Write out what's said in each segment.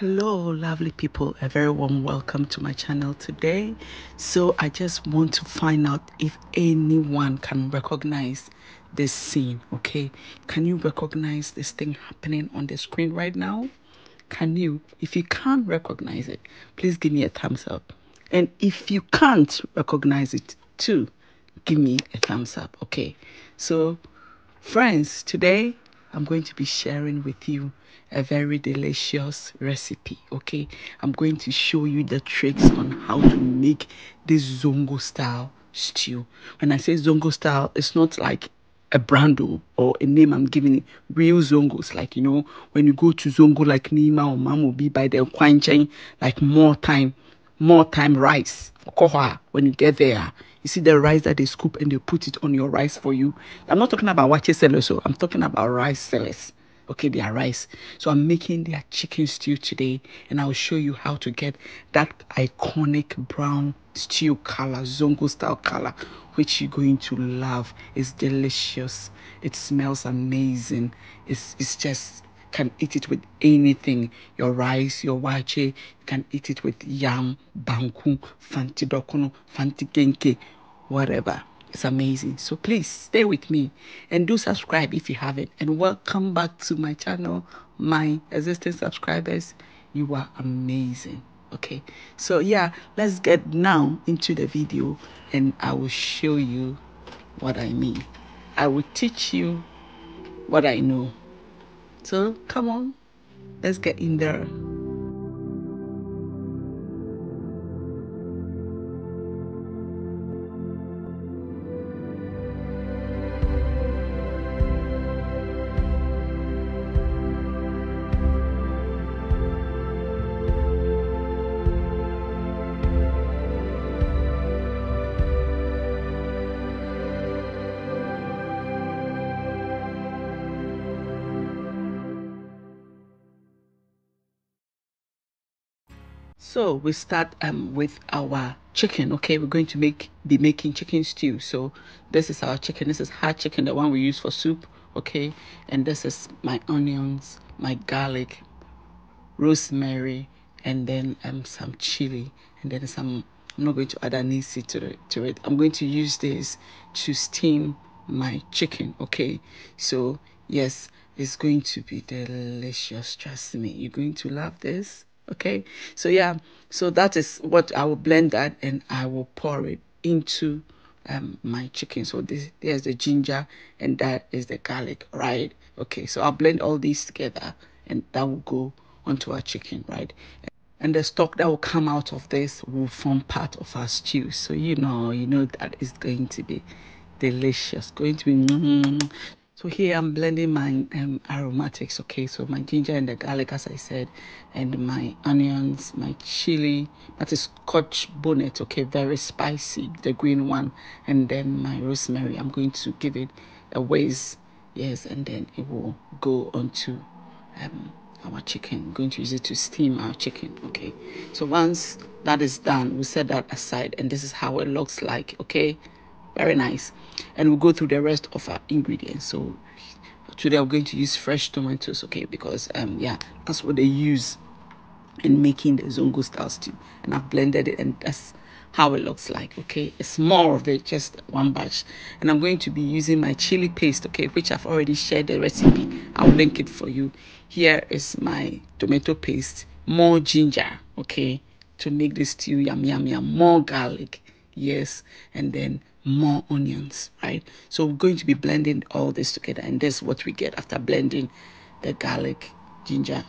hello lovely people a very warm welcome to my channel today so i just want to find out if anyone can recognize this scene okay can you recognize this thing happening on the screen right now can you if you can't recognize it please give me a thumbs up and if you can't recognize it too give me a thumbs up okay so friends today I'm going to be sharing with you a very delicious recipe, okay? I'm going to show you the tricks on how to make this Zongo style stew. When I say Zongo style, it's not like a brand or a name I'm giving it. Real Zongos, like, you know, when you go to Zongo, like Nima or Mamo, be by the Kwanchen, like more time more time rice. When you get there, you see the rice that they scoop and they put it on your rice for you. I'm not talking about watches sellers, so oh. I'm talking about rice sellers. Okay, their rice. So I'm making their chicken stew today, and I'll show you how to get that iconic brown stew color, Zongo style color, which you're going to love. It's delicious. It smells amazing. It's it's just can eat it with anything your rice, your wache. You can eat it with yam, banku, fanti dokono, fanti genke, whatever. It's amazing. So please stay with me and do subscribe if you haven't. And welcome back to my channel, my existing subscribers. You are amazing. Okay, so yeah, let's get now into the video and I will show you what I mean. I will teach you what I know. So come on, let's get in there. So we start um, with our chicken. Okay, we're going to make be making chicken stew. So this is our chicken. This is hard chicken, the one we use for soup. Okay, and this is my onions, my garlic, rosemary, and then um some chili, and then some. I'm not going to add anise to it. To it, I'm going to use this to steam my chicken. Okay, so yes, it's going to be delicious. Trust me, you're going to love this Okay. So yeah. So that is what I will blend that and I will pour it into um, my chicken. So this there's the ginger and that is the garlic, right? Okay. So I'll blend all these together and that will go onto our chicken, right? and the stock that will come out of this will form part of our stew so you know you know that is going to be delicious going to be mm, mm, mm, so here I'm blending my um, aromatics, okay? So my ginger and the garlic, as I said, and my onions, my chili, that is scotch bonnet, okay? Very spicy, the green one, and then my rosemary. I'm going to give it a whiz, yes, and then it will go onto um, our chicken. I'm going to use it to steam our chicken, okay? So once that is done, we set that aside, and this is how it looks like, okay? very nice and we'll go through the rest of our ingredients so today i'm going to use fresh tomatoes okay because um yeah that's what they use in making the zongo style stew and i've blended it and that's how it looks like okay it's more of it just one batch and i'm going to be using my chili paste okay which i've already shared the recipe i'll link it for you here is my tomato paste more ginger okay to make this stew yum yum yum more garlic yes, and then more onions, right? So we're going to be blending all this together, and this is what we get after blending the garlic, ginger,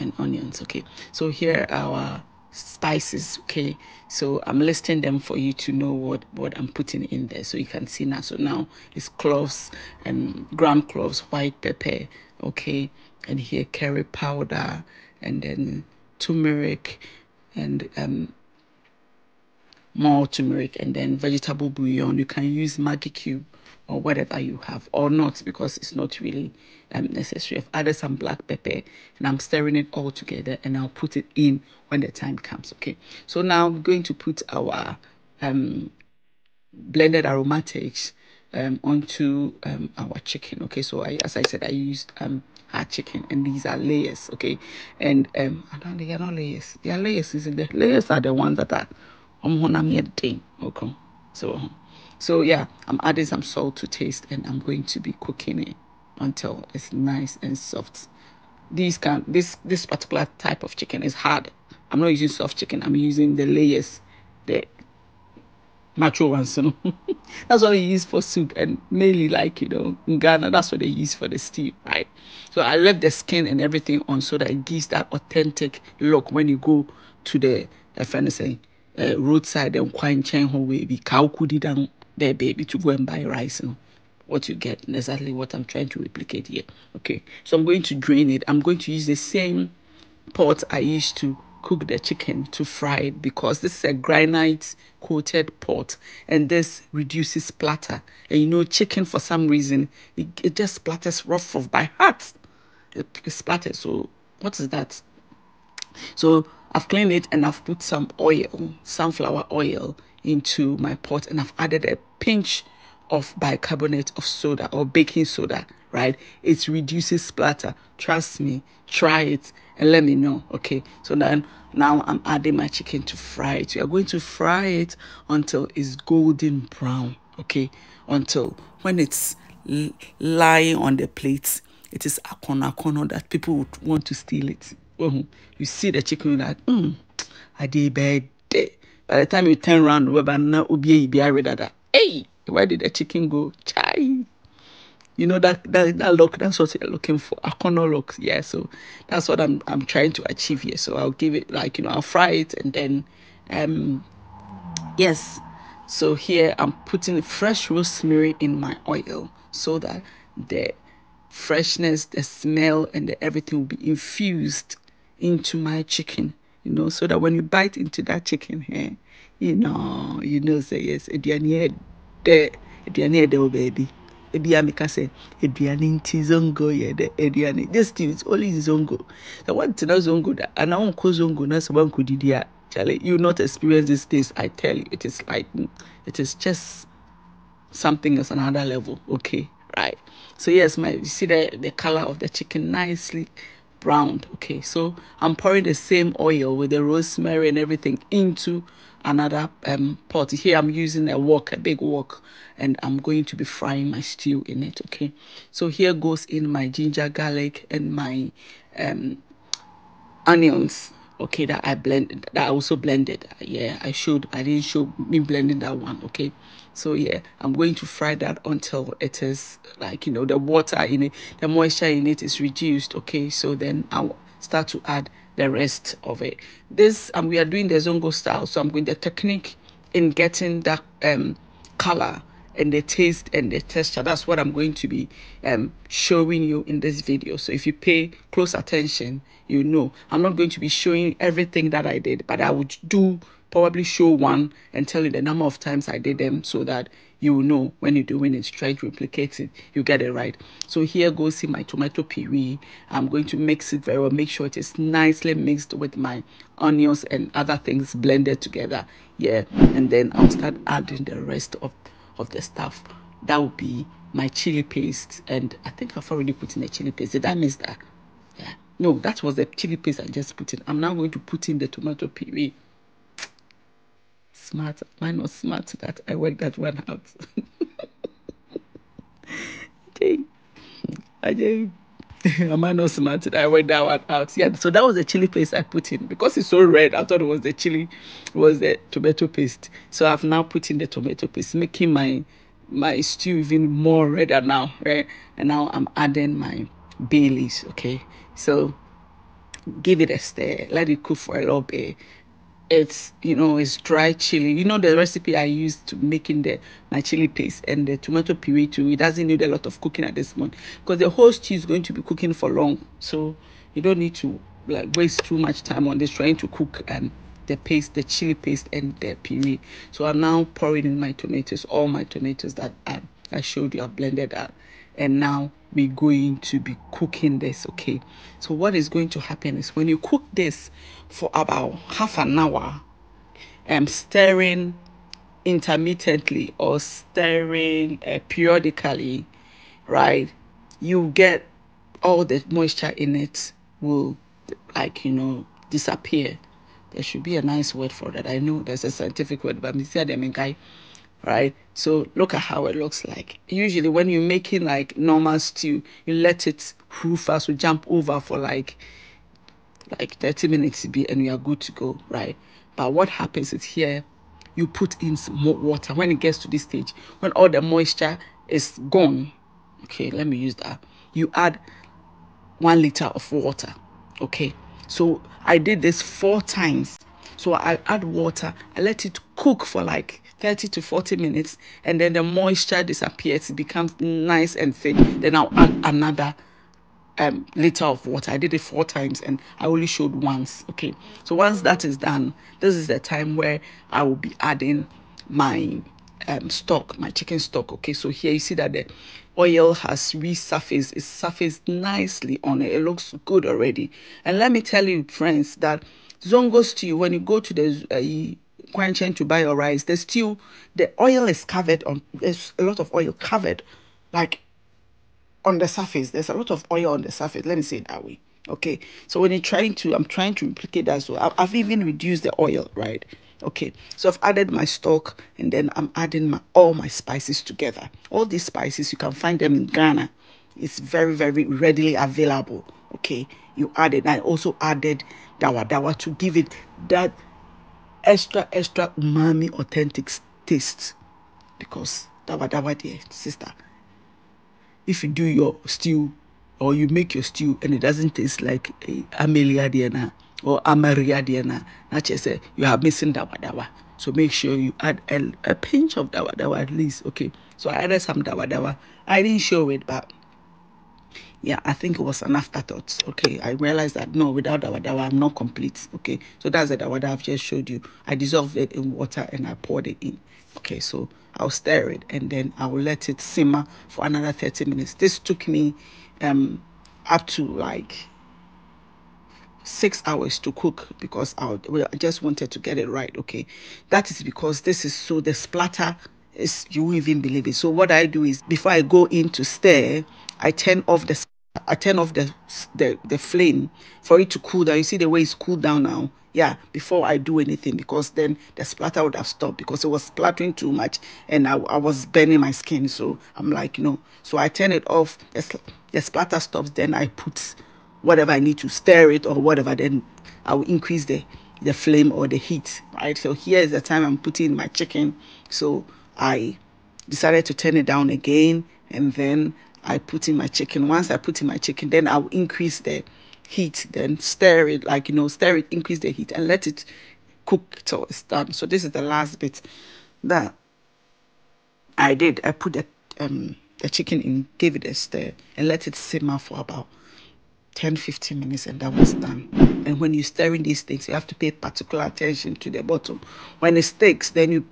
and onions, okay? So here our spices okay so i'm listing them for you to know what what i'm putting in there so you can see now so now it's cloves and gram cloves white pepper okay and here curry powder and then turmeric and um more turmeric and then vegetable bouillon. You can use Maggi cube or whatever you have or not because it's not really um, necessary. I've added some black pepper and I'm stirring it all together and I'll put it in when the time comes. Okay, so now we're going to put our um, blended aromatics um, onto um, our chicken. Okay, so I, as I said, I used our um, chicken and these are layers. Okay, and I um, don't, they are not layers, they are layers. Isn't the layers are the ones that are ɔmohonam yɛ den okay so uh-huh. so yeah i'm adding some salt to taste and i'm going to be cooking it until it's nice and soft these can this this particular type of chicken is hard i'm not using soft chicken i'm using the layers the natural ones you know that's what we use for soup and mainly like you know in ghana that's what they use for the stew right so i left the skin and everything on so that it gives that authentic look when you go to the, the fencing uh, roadside and quite hɔ baabi ka wokɔdi da down there baby to go and buy rice no what you get and exactly what i'm trying to replicate here okay so i'm going to drain it i'm going to use the same pot i used to cook the chicken to fry it because this is a granite coated pot and this reduces splatter and you know chicken for some reason it, it just splatters rough off by heart it, it splatters so what is that so I've cleaned it and I've put some oil, sunflower oil, into my pot and I've added a pinch of bicarbonate of soda or baking soda, right? It reduces splatter. Trust me, try it and let me know. Okay, so then now I'm adding my chicken to fry it. We are going to fry it until it's golden brown, okay? Until when it's lying on the plate, it is akono akono that people would want to steal it you see the chicken like, mm, I did bad day. By the time you turn around, whether now ubi be that. Hey, where did the chicken go? Chai. You know that that that look, that's what you're looking for. A corner look, yeah. So that's what I'm I'm trying to achieve here. So I'll give it like you know, I'll fry it and then um yes. So here I'm putting fresh rosemary in my oil so that the freshness, the smell, and the everything will be infused into my chicken, you know, so that when you bite into that chicken hair, eh, you know, you know, say yes, aduane de, aduane de baby. Ebi amika say aduane nti zongo ye de aduane. This thing is only zongo. The one thing zongo that and I won't call zongo na someone could idia. Charlie, you not experience these things. I tell you, it is like it is just something is another level. Okay, right. So yes, my you see the the color of the chicken nicely Brown. okay so i'm pouring the same oil with the rosemary and everything into another um, pot here i'm using a wok a big wok and i'm going to be frying my stew in it okay so here goes in my ginger garlic and my um, onions okay that i blended that i also blended yeah i showed i didn't show me blending that one okay so yeah, I'm going to fry that until it is like, you know, the water in it, the moisture in it is reduced. Okay, so then I'll start to add the rest of it. This, and um, we are doing the Zongo style. So I'm going the technique in getting that um, color and the taste and the texture that's what i'm going to be um, showing you in this video so if you pay close attention you know i'm not going to be showing everything that i did but i would do probably show one and tell you the number of times I did them so that you will know when you're doing it. Try to replicate it, you get it right. So here goes see my tomato puree. I'm going to mix it very well, make sure it is nicely mixed with my onions and other things blended together. Yeah, and then I'll start adding the rest of, of the stuff. That will be my chili paste, and I think I've already put in the chili paste. Did I miss that? Yeah. No, that was the chili paste I just put in. I'm now going to put in the tomato puree. Smart. Mine was smart that I worked that one out. I Am I not smart? I worked that one out. Yeah, so that was the chili paste I put in. Because it's so red, I thought it was the chili, was the tomato paste. So I've now put in the tomato paste, making my my stew even more redder now, right? And now I'm adding my bay leaves, okay? So give it a stir, let it cook for a little bit, it's you know it's dry chili you know the recipe i used to making the my chili paste and the tomato puree too it doesn't need a lot of cooking at this point because the whole stew is going to be cooking for long so you don't need to like waste too much time on this trying to cook and the paste the chili paste and the puree so i'm now pouring in my tomatoes all my tomatoes that i, I showed you i blended up, and now be going to be cooking this, okay? So, what is going to happen is when you cook this for about half an hour, um, stirring intermittently or stirring uh, periodically, right? You get all the moisture in it will, like, you know, disappear. There should be a nice word for that. I know there's a scientific word, but Mr. Demenkai right? So look at how it looks like. Usually when you're making like normal stew, you let it cool fast, We jump over for like like 30 minutes to be and you are good to go, right? But what happens is here you put in some more water when it gets to this stage, when all the moisture is gone. Okay, let me use that. You add one liter of water. Okay, so I did this four times so I add water, I let it cook for like 30 to 40 minutes, and then the moisture disappears, it becomes nice and thin. Then I'll add another um, liter of water. I did it four times and I only showed once. Okay, so once that is done, this is the time where I will be adding my um, stock, my chicken stock. Okay, so here you see that the oil has resurfaced, It surfaced nicely on it, it looks good already. And let me tell you, friends, that zongo stew, when you go to the uh, to buy your rice, the stew, the oil is covered on, there's a lot of oil covered, like on the surface. There's a lot of oil on the surface. Let me say it that way. Okay. So when you're trying to, I'm trying to implicate that. So I've even reduced the oil, right? Okay. So I've added my stock and then I'm adding my all my spices together. All these spices, you can find them in Ghana. It's very, very readily available Okay, you added. I also added dawa dawa to give it that extra extra umami authentic taste because dawa dawa dear sister. If you do your stew or you make your stew and it doesn't taste like eh, amelia diana or amaria diana, not just say you are missing dawa dawa. So make sure you add a, a pinch of dawa dawa at least. Okay. So I added some dawa dawa. I didn't show it, but yeah, I think it was an afterthought. Okay, I realized that no, without the wadawa, I'm not complete. Okay, so that's the wadawa I've just showed you. I dissolved it in water and I poured it in. Okay, so I'll stir it and then I'll let it simmer for another 30 minutes. This took me um up to like six hours to cook because I just wanted to get it right. Okay, that is because this is so the splatter is you won't even believe it. So what I do is before I go in to stir, I turn off the I turn off the, the the flame for it to cool down. You see the way it's cooled down now. Yeah, before I do anything, because then the splatter would have stopped because it was splattering too much and I, I was burning my skin. So I'm like, you know, so I turn it off. The, the splatter stops. Then I put whatever I need to stir it or whatever. Then I will increase the the flame or the heat. Right. So here is the time I'm putting my chicken. So I decided to turn it down again and then I put in my chicken. Once I put in my chicken, then I'll increase the heat, then stir it, like, you know, stir it, increase the heat, and let it cook till it's done. So this is the last bit that I did. I put the, um, the chicken in, gave it a stir, and let it simmer for about 10 15 minutes and that was done and when you're stirring these things you have to pay particular attention to the bottom when it sticks then you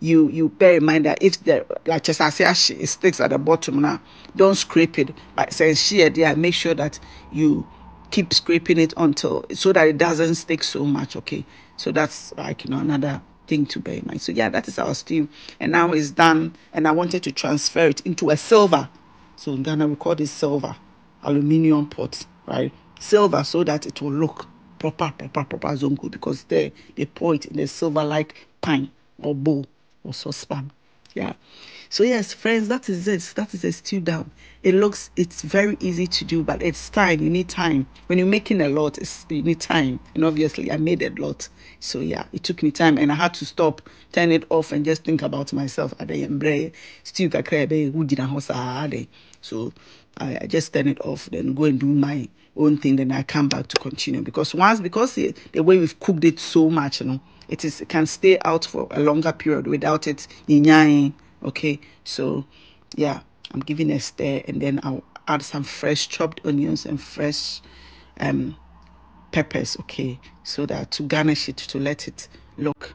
you you bear in mind that if the like she sticks at the bottom now, don't scrape it. By saying shear there, make sure that you keep scraping it until so that it doesn't stick so much. Okay, so that's like you know another thing to bear in mind. So yeah, that is our steam, and now it's done. And I wanted to transfer it into a silver. So in Ghana we call this silver, aluminium pot, right? Silver so that it will look proper, proper, proper zongo because there they pour it in a silver like pine or bowl. So spam. Yeah. So yes, friends, that is it. That is a stew down. It looks it's very easy to do, but it's time. You need time. When you're making a lot, it's you need time. And obviously I made a lot. So yeah, it took me time and I had to stop, turn it off, and just think about myself. So I, I just turn it off, then go and do my own thing, then I come back to continue. Because once because the, the way we've cooked it so much, you know it is it can stay out for a longer period without it inyaing. Okay, so yeah, I'm giving a stir and then I'll add some fresh chopped onions and fresh um peppers, okay, so that to garnish it to let it look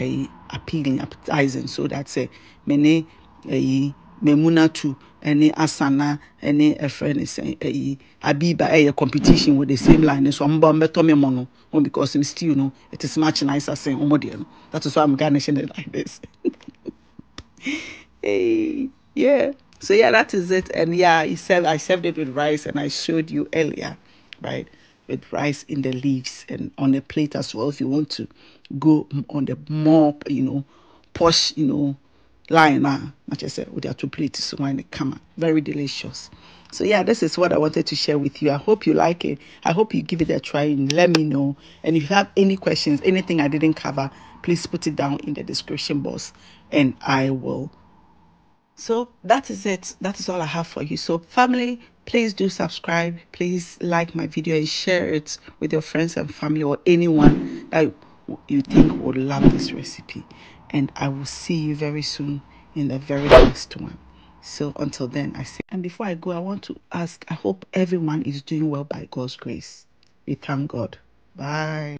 uh, appealing, appetizing, so that's a eh, mene eh, memuna too ne asana ne ɛfrɛ ne sɛn ɛyi abiba ɛyɛ competition with the same line so ɔmo ba ɔmo bɛtɔ mi mɔ no because mi still no it is much nicer sɛn ɔmo deɛ no that is why i'm garnishing it like this hey, yeah so yeah that is it and yeah I served I served it with rice and I showed you earlier right with rice in the leaves and on a plate as well if you want to go on the more you know posh you know line na like I said with their two plates wine camera, very delicious so yeah this is what I wanted to share with you I hope you like it I hope you give it a try and let me know and if you have any questions anything I didn't cover please put it down in the description box and I will so that is it that is all I have for you so family please do subscribe please like my video and share it with your friends and family or anyone that you think would love this recipe and I will see you very soon in the very next one. So until then, I say, and before I go, I want to ask I hope everyone is doing well by God's grace. We thank God. Bye.